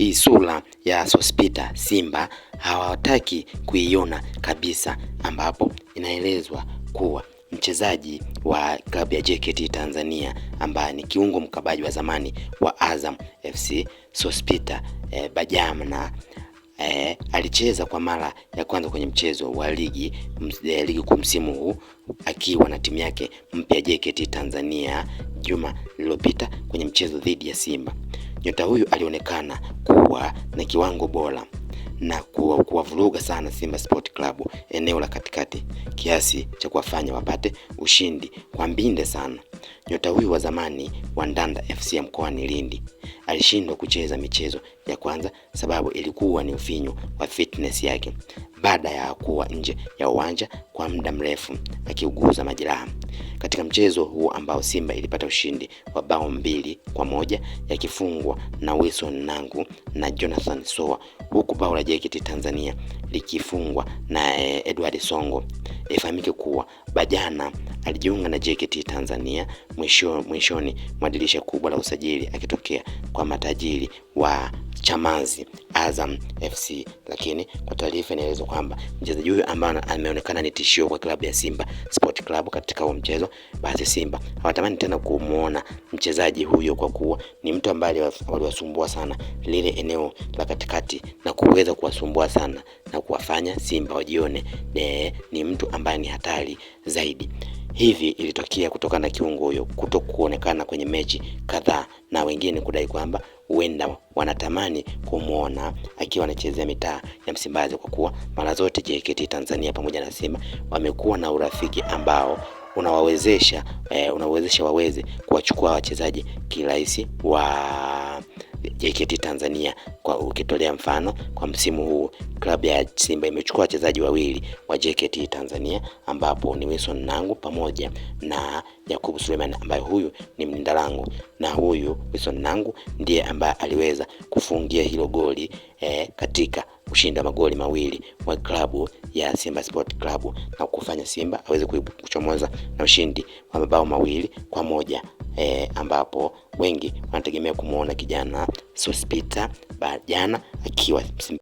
hii sura ya Sospita Simba hawataki kuiona kabisa, ambapo inaelezwa kuwa mchezaji wa klabu ya JKT Tanzania ambaye ni kiungo mkabaji wa zamani wa Azam FC Sospita eh, Bajamna eh, alicheza kwa mara ya kwanza kwenye mchezo wa ligi eh, ligi kuu msimu huu akiwa na timu yake mpya JKT Tanzania juma lililopita kwenye mchezo dhidi ya Simba nyota huyu alionekana kuwa na kiwango bora na kuwavuruga sana Simba Sport Club eneo la katikati kiasi cha kuwafanya wapate ushindi kwa mbinde sana. Nyota huyu wa zamani wa Ndanda FC mkoani Lindi alishindwa kucheza michezo ya kwanza sababu ilikuwa ni ufinyu wa fitness yake baada ya kuwa nje ya uwanja kwa muda mrefu akiuguza majeraha. Katika mchezo huo ambao Simba ilipata ushindi wa bao mbili kwa moja yakifungwa na Wilson Nangu na Jonathan Soa, huku bao la JKT Tanzania likifungwa na eh, Edward Songo. Ifahamike kuwa Bajana alijiunga na JKT Tanzania mwishoni mwa dirisha kubwa la usajili akitokea kwa matajiri wa Chamazi Azam FC, lakini kwa taarifa inaelezwa kwamba mchezaji huyo ambaye ameonekana ni tishio kwa klabu ya Simba Sport Club katika huo mchezo, basi Simba hawatamani tena kumuona mchezaji huyo kwa kuwa ni mtu ambaye waliwasumbua sana lile eneo la katikati na kuweza kuwasumbua sana na kuwafanya Simba wajione eh, ni mtu ambaye ni hatari zaidi. Hivi ilitokea kutokana na kiungo huyo kuto kuonekana kwenye mechi kadhaa na wengine kudai kwamba huenda wanatamani kumwona akiwa anachezea mitaa ya Msimbazi, kwa kuwa mara zote JKT Tanzania pamoja na Simba wamekuwa na urafiki ambao unawawezesha eh, unawawezesha waweze kuwachukua wachezaji kirahisi wa JKT Tanzania. Kwa ukitolea mfano kwa msimu huu klabu ya Simba imechukua wachezaji wawili wa JKT Tanzania ambapo ni Wilson Nangu pamoja na Yakub Suleiman ambaye huyu ni mlinda langu, na huyu Wilson Nangu ndiye ambaye aliweza kufungia hilo goli eh, katika kushinda magoli mawili wa klabu ya Simba Sport Club na kufanya Simba aweze kuchomoza na ushindi wa mabao mawili kwa moja e, ambapo wengi wanategemea kumwona kijana Sospeter jana akiwa